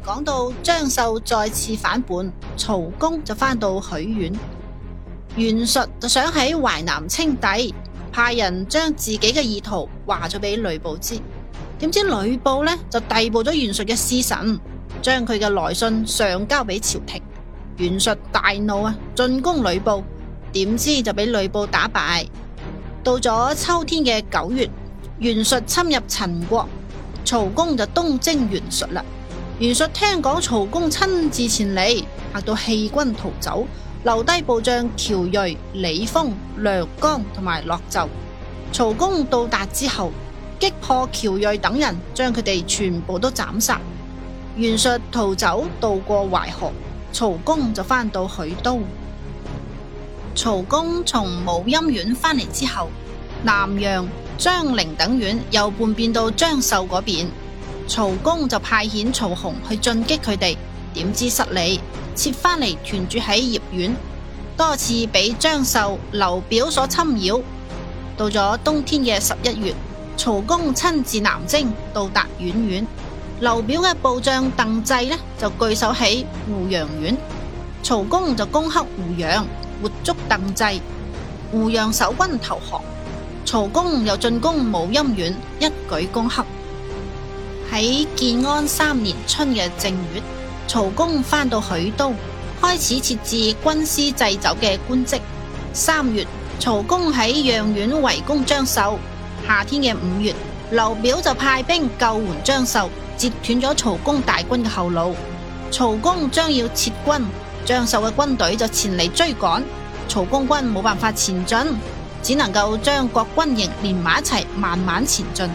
講到張繡再次反叛，曹公就翻到許縣，袁術就想喺淮南稱帝，派人將自己嘅意圖話咗俾呂布知，點知呂布呢就逮捕咗袁術嘅使臣，將佢嘅來信上交俾朝廷。袁術大怒啊，進攻呂布，點知就俾呂布打敗。到咗秋天嘅九月，袁術侵入陳國，曹公就東征袁術啦。袁術聽講曹公親自前嚟，嚇到棄軍逃走，留低部將喬瑞、李豐、梁江同埋樂就。曹公到達之後，擊破喬瑞等人，將佢哋全部都斬殺。袁術逃走，渡過淮河，曹公就翻到許都。曹公從武陰縣翻嚟之後，南陽、張陵等縣又叛變到張繡嗰邊。曹公就派遣曹洪去進擊佢哋，點知失利，撤翻嚟屯住喺葉縣，多次俾張繡、劉表所侵擾。到咗冬天嘅十一月，曹公親自南征，到達宛縣。劉表嘅部將鄧濟呢，就據守喺湖陽縣，曹公就攻克湖陽，活捉鄧濟。湖陽守軍投降，曹公又進攻武陰縣，一舉攻克。喺建安三年春嘅正月，曹公翻到許都，開始設置軍師祭酒嘅官職。三月，曹公喺楊縣圍攻張繡。夏天嘅五月，劉表就派兵救援張繡，截斷咗曹公大軍嘅後路。曹公將要撤軍，張繡嘅軍隊就前嚟追趕，曹公軍冇辦法前進，只能夠將各軍營連埋一齊，慢慢前進。